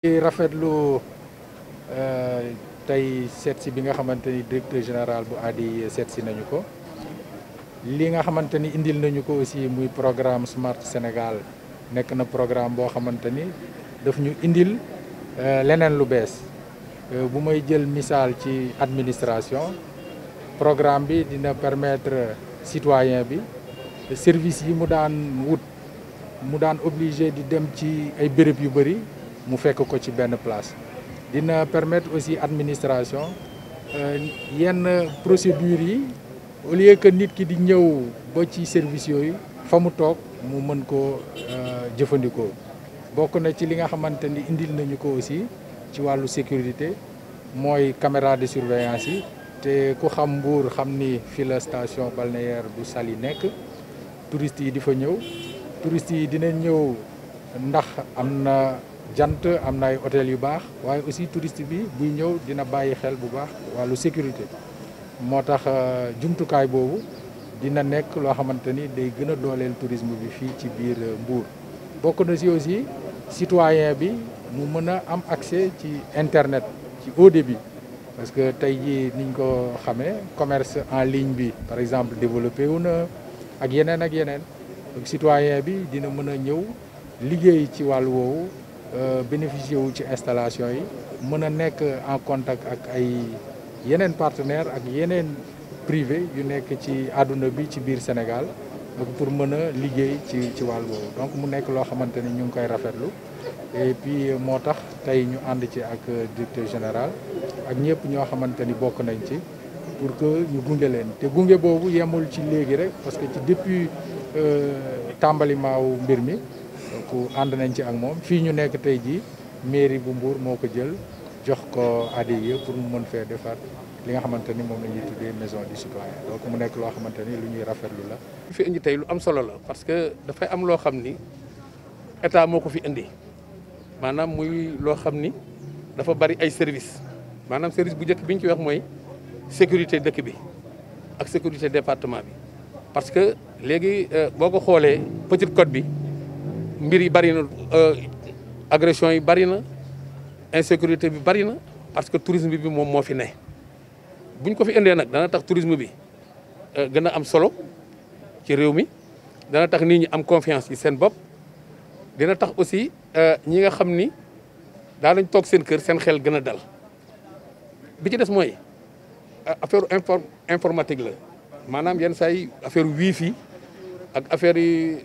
rafetlu rafetlu eh, tey seetsi bi nga xamanteni directeur général bu ADIE seetsi nañu ko li nga xamanteni indil nañu ko aussi muy programme Smart Sénégal nek na programme bo xamanteni daf ñu indil eh, lenen lu bes eh, bu may jël misal ci administration programme bi dina permettre citoyen bi service yi mu daan wut mu daan obligé di dem ci ay béréb yu bëri mu fekk ko ci benn place dina permettre aussi administration euh, yenn procédure yi au lieu que nit ki di ñëw ba ci service yooyu fa mu toog mu mën koo euh, jëfandikoo bokk na ci li nga xamante ni indil nañu ko aussi ci wàllu sécurité mooy caméra de surveillance yi te ku xam Mbour xam ni fi la station balnéaire bu Saly nekk touristes yi di fa ñëw touristes yi dina ñëw ndax am na jant am na ay hôtel yu baax waaye aussi touriste bi buy ñëw dina bàyyi xel bu baax wàllu sécurité moo tax euh, jumtukaay boobu dina nekk loo xamante ni day gën a dooleel tourisme bi fii ci biir euh, mbuur bokk na si aussi citoyen bi mu mën a am accès ci internet ci haut bi parce que tey jii niñ ko xamee commerce en ligne bi par exemple développé wu na ak yeneen ak yeneen donc citoyen bi dina mën a ñëw liggéey ci wàllu woowu. Euh, bénéficier wu ci installation yi mën a en contact ak ay yeneen partenaires ak yeneen privé yu nekk ci àdduna bi ci biir Sénégal pour mën a liggéey ci ci wàll boobu donc mu nekk loo xamante ni ñu ngi koy rafetlu et puis euh, moo tax tey ñu ànd ci ak directeur général ak ñëpp ñoo xamante ni nañ ci pour que ñu gunge leen te gunge boobu yemul ci léegi rek parce que ci depuis euh, tàmbalimaawu mbir mi ànd nañ ci ak moom fii ñu nekk tey jii mairie bu Mbour moo ko jël jox ko ADIE pour mu mën fee defaat li nga xamante ni moom la ñuy tuddee maison du citoyen ko mu nekk loo xamante ni lu ñuy rafetlu la. li fi indi tey lu am solo la parce que dafay am loo xam ni état moo ko fi indi maanaam muy loo xam ni dafa bari ay service maanaam service bu njëkk bi ñu ci wax mooy sécurité dëkk bi ak sécurité département bi parce que léegi euh, boo ko xoolee Petite mbir yi bëri na euh, agression yi bari na insécurité bi bari na parce que tourisme bi moom moo fi ne buñ ko fi indee nag dana tax tourisme bi euh, gën a am solo ci réew mi dana tax nit ñi am confiance ci seen bopp dina tax aussi euh, ñi nga xam ni daa lañ toog seen kër seen xel gën a dal bi ci des mooy affaire informatique la maanaam yenn saa yi affaire wifi ak affaire yi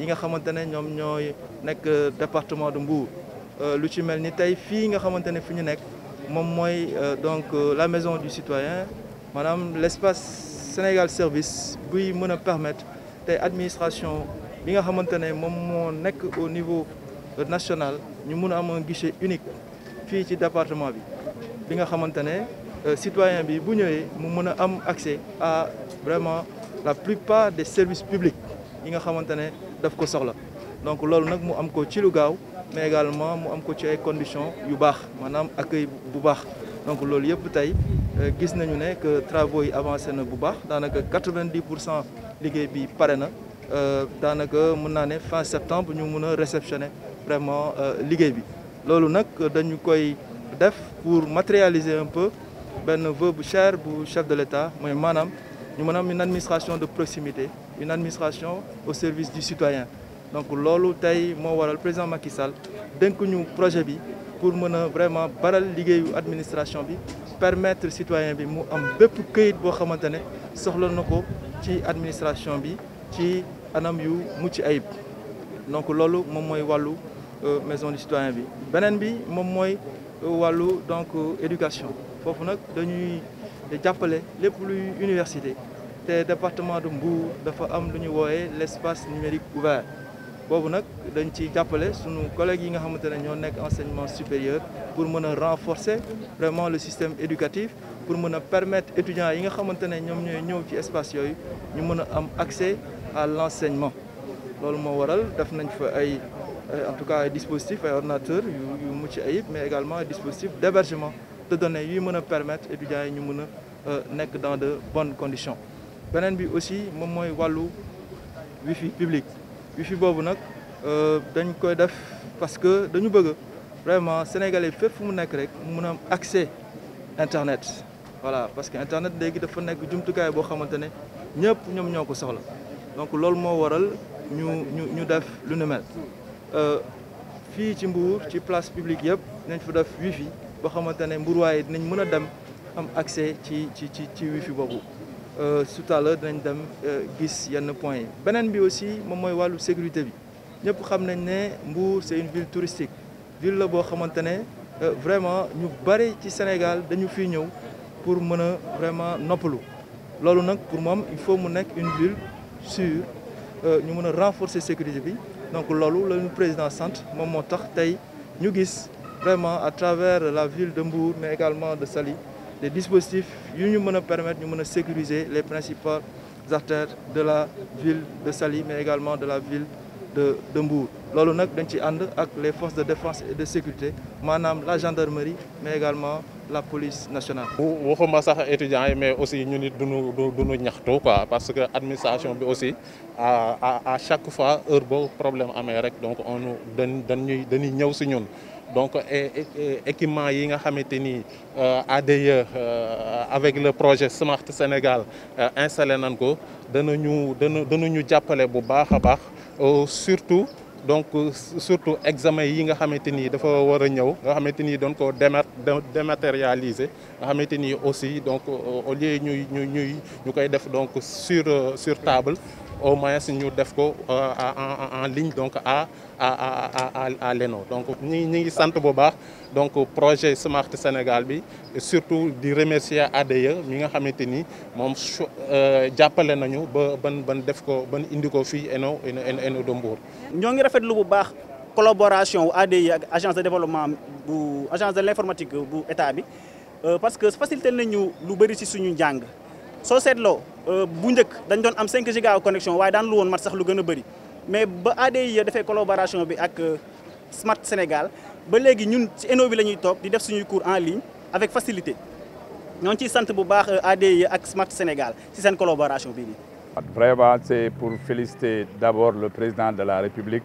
yi nga xamante ne ñoom ñooy nekk département de Mbour euh, lu ci mel ni tey fii nga xamante ne fi ñu nekk moom euh, donc euh, la maison du citoyen Madame l'espace Sénégal service buy mën a permettre tey administration bi nga xamante ne moom nek au niveau national ñu mun a am un guichet unique fii ci département bi bi nga xamante ne citoyen bi bu ñëwee mu mën am accès à vraiment la plupart des services publics yi nga xamante ne daf ko soxla donc loolu nag mu am ko ci lu mais également mu am ko ci ay conditions yu baax maanaam accueil bu baax donc loolu yëpp tey euh, gis nañu ne que travaux yi avancé na bu baax daanaka quatre-vingt-dix pour cent liggéey bi pare na euh, daanaka mën fin septembre ñu mun réceptionner vraiment euh, liggéey bi loolu nag dañu koy def pour matérialiser un peu benn vœu bu cher bu chef de l'État mooy maanaam nous avons une administration de proximité une administration au service du citoyen donc nous avons fait, le président Macky Sall avons un projet pour vraiment administration permettre citoyen citoyens de am un këyit administration donc ce euh, la maison du citoyen bi bi euh, donc euh, éducation les plus universités, luy université département de Mbour dafa am l'espace numérique ouvert Nous avons dañ ci collègues yi nga enseignement supérieur pour renforcer vraiment le système éducatif pour permettre aux permettre étudiants yi nga xamante espace yooyu accès à l'enseignement. Nous avons moo waral en tout cas dispositifs ordinateurs mais également dispositif dispositifs d'hébergement, de données yuy nous permettre et yi ñu mën a euh, nekk dans de bonnes conditions Benen bi aussi moi et wàllu wifi public wifi boobu nag euh, dañ koy def parce que dañu bëgg vraiment sénégalais fépp fu mu nekk rek mëna accès internet voilà parce que internet légui dafa nekk que kay bo xamantene ñëpp ñom ñoko soxla donc lool mo waral ñu ñu ñu def lu nu mel euh, fi ci Mbour ci place publique yëpp dañ fa def wifi boo xamante ne mburuwaay dinañ mën dem am accès ci ci ci ci wifi boobu euh, tout à l'heure dinañ dem euh, gis yenn points yi beneen bi aussi mom moy walu sécurité bi ñëpp xam nañ ne Mbour c'est une ville touristique ville la bo xamante euh, vraiment ñu bari ci Sénégal dañu fi ñëw pour mën vraiment noppalu lolu nak pour mom il faut mu nek une ville sûre ñu mën renforcer sécurité bi donc lolu le président sante mom mo tax tay ñu gis vraiment à travers la ville de Mbour, mais également de Sali, des dispositifs qui nous permettent de sécuriser les principales artères de la ville de Sali, mais également de la ville de, de Mbour. loolu nous dañ les forces de défense et de sécurité la gendarmerie mais également la police nationale. waxuma sax étudiants mais aussi ñu nit parce que l'administration aussi à à chaque fois heure des problème à rek donc on nous donne ñuy dañuy donc équipement yi nga xamante ni euh, e, euh avec le projet Smart Sénégal euh, installé nan ko danañu dana danañu jàppale bu baax a baax euh, surtout donc euh, surtout examen yi nga xamante ni dafa war a ñëw nga xamante ni doon ko dématérialiser nga xamante ni aussi donc euh, au lieu ñuy ñu ñuy ñu koy def donc sur euh, sur table au moins ñu def ko en en ligne donc à à à à à l'ENO donc ñi ñi ngi sant bu baax donc projet Smart Sénégal bi surtout di remercier ADIE mi nga xamante ni moom jàppale nañu ba ban ban def ko ban indi ko fii ENO ENO ENO de lu bu baax collaboration wu ADI ak agence de développement bu agence de l'informatique bu état bi euh, parce que facilité nañu lu bëri ci suñu njàng soo seetloo euh, bu njëkk dañ doon am 5 giga connexion waye daan lu won mat sax lu gëna a mais ba ADI défé collaboration bi ak euh, Smart Sénégal ba légui ñun ci ENO bi lañuy top di def suñu cours en ligne avec facilité ñoo ci sante bu baax ADI ak Smart Sénégal ci sen collaboration bi nii. Vraiment, c'est pour féliciter d'abord le président de la République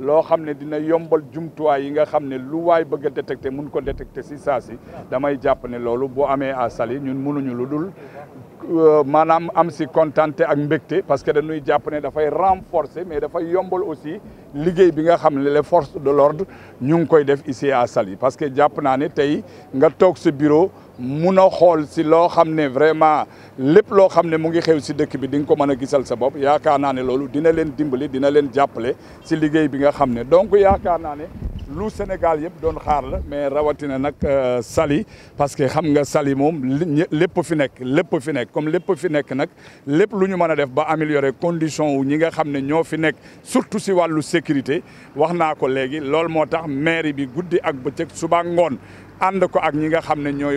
lo xamné ne dina yombal jumtuwaay yi nga xamné ne lu way bëgg détecter détecté ko détecter si saa si damay japp né lolu bo amé à sali. ñun mënuñu lu dul euh, maanaam am si contenté ak mbékté parce que dañuy né da fay renforcer mais fay yombal aussi liggéey bi nga xamné ne les forces de l'ordre ñu ngi koy def ici à sali parce que japp na né tay nga tok ci bureau muna xol ci lo xamné vraiment lepp lo xamné ne mu ngi xew ci dëkk bi di nga ko mëna a sa bop yaakaar naa ne loolu dina leen dimbali dina leen jappalé ci liggéey bi nga xamné donc yaakaar naa ne lu Sénégal yépp doon xaar la mais rawatina nak euh, sali parce que xam nga sali mom lepp fi nek lepp fi nek comme lepp fi nek nak lepp lu ñu mën def ba améliorer condition wu ñi nga xamné ño fi nek surtout ci walu sécurité waxna ko légui lool motax maire bi guddi ak bëcëk suba ngone ànd ko ak ñi nga xam ne ñooy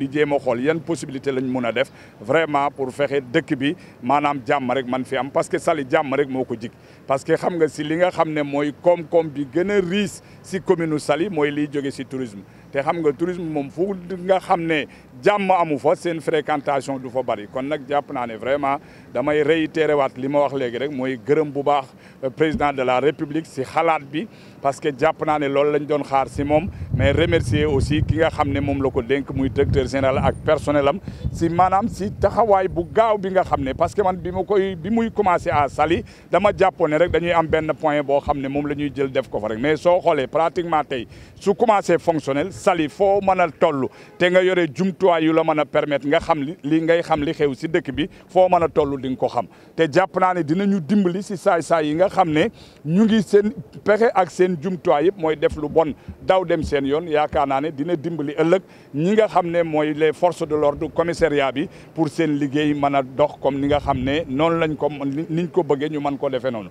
di jéma xol yeen possibilité lañ mëna def vraiment pour fexé dëkk bi manam jamm rek man fi am parce que sali jamm rek moko ko jig parce que xam nga si li nga xamné moy kom kom bi gëna a si commune sali moy li joggé si tourisme te xam nga tourisme mom fu nga xamné jamm amu fa seen fréquentation du fa bari kon nak japp na né vraiment damay réitéré waat li ma wax légui rek moy gërëm bu baax euh, président de la république si xalaat bi parce que japp na né lool lañ doon xaar si mom mais remercier aussi ki nga xam ne moom la ko dénk muy directeur général ak personnel si madame si taxawaay bu gaaw bi nga xam parce que man bi ma koy bi muy commencé à Saly dama jàppoon ne rek dañuy am point boo xam ne moom jël def ko fa rek mais so xoolee pratiquement tey su commencé fonctionnel sali foo manal tollu toll te nga yore jumtuwaay yu la mën permettre nga xam li y ngay xam li xew si dëkk bi foo mën di nga ko xam te jàpp naa ne dinañu dimbali si saay-saay yi nga xam ne ñu ngi seen pexe ak seen jumtuwaay yëpp mooy def lu bon daw dem yoon yaakaar naa ne dina dimbali ëllëg ñi nga xam ne mooy les force de l'ordre commissariat bi pour seen liggéey mën a dox comme ni nga xam ne noonu lañ ko niñ ko bëggee ñu mën ko defee noonu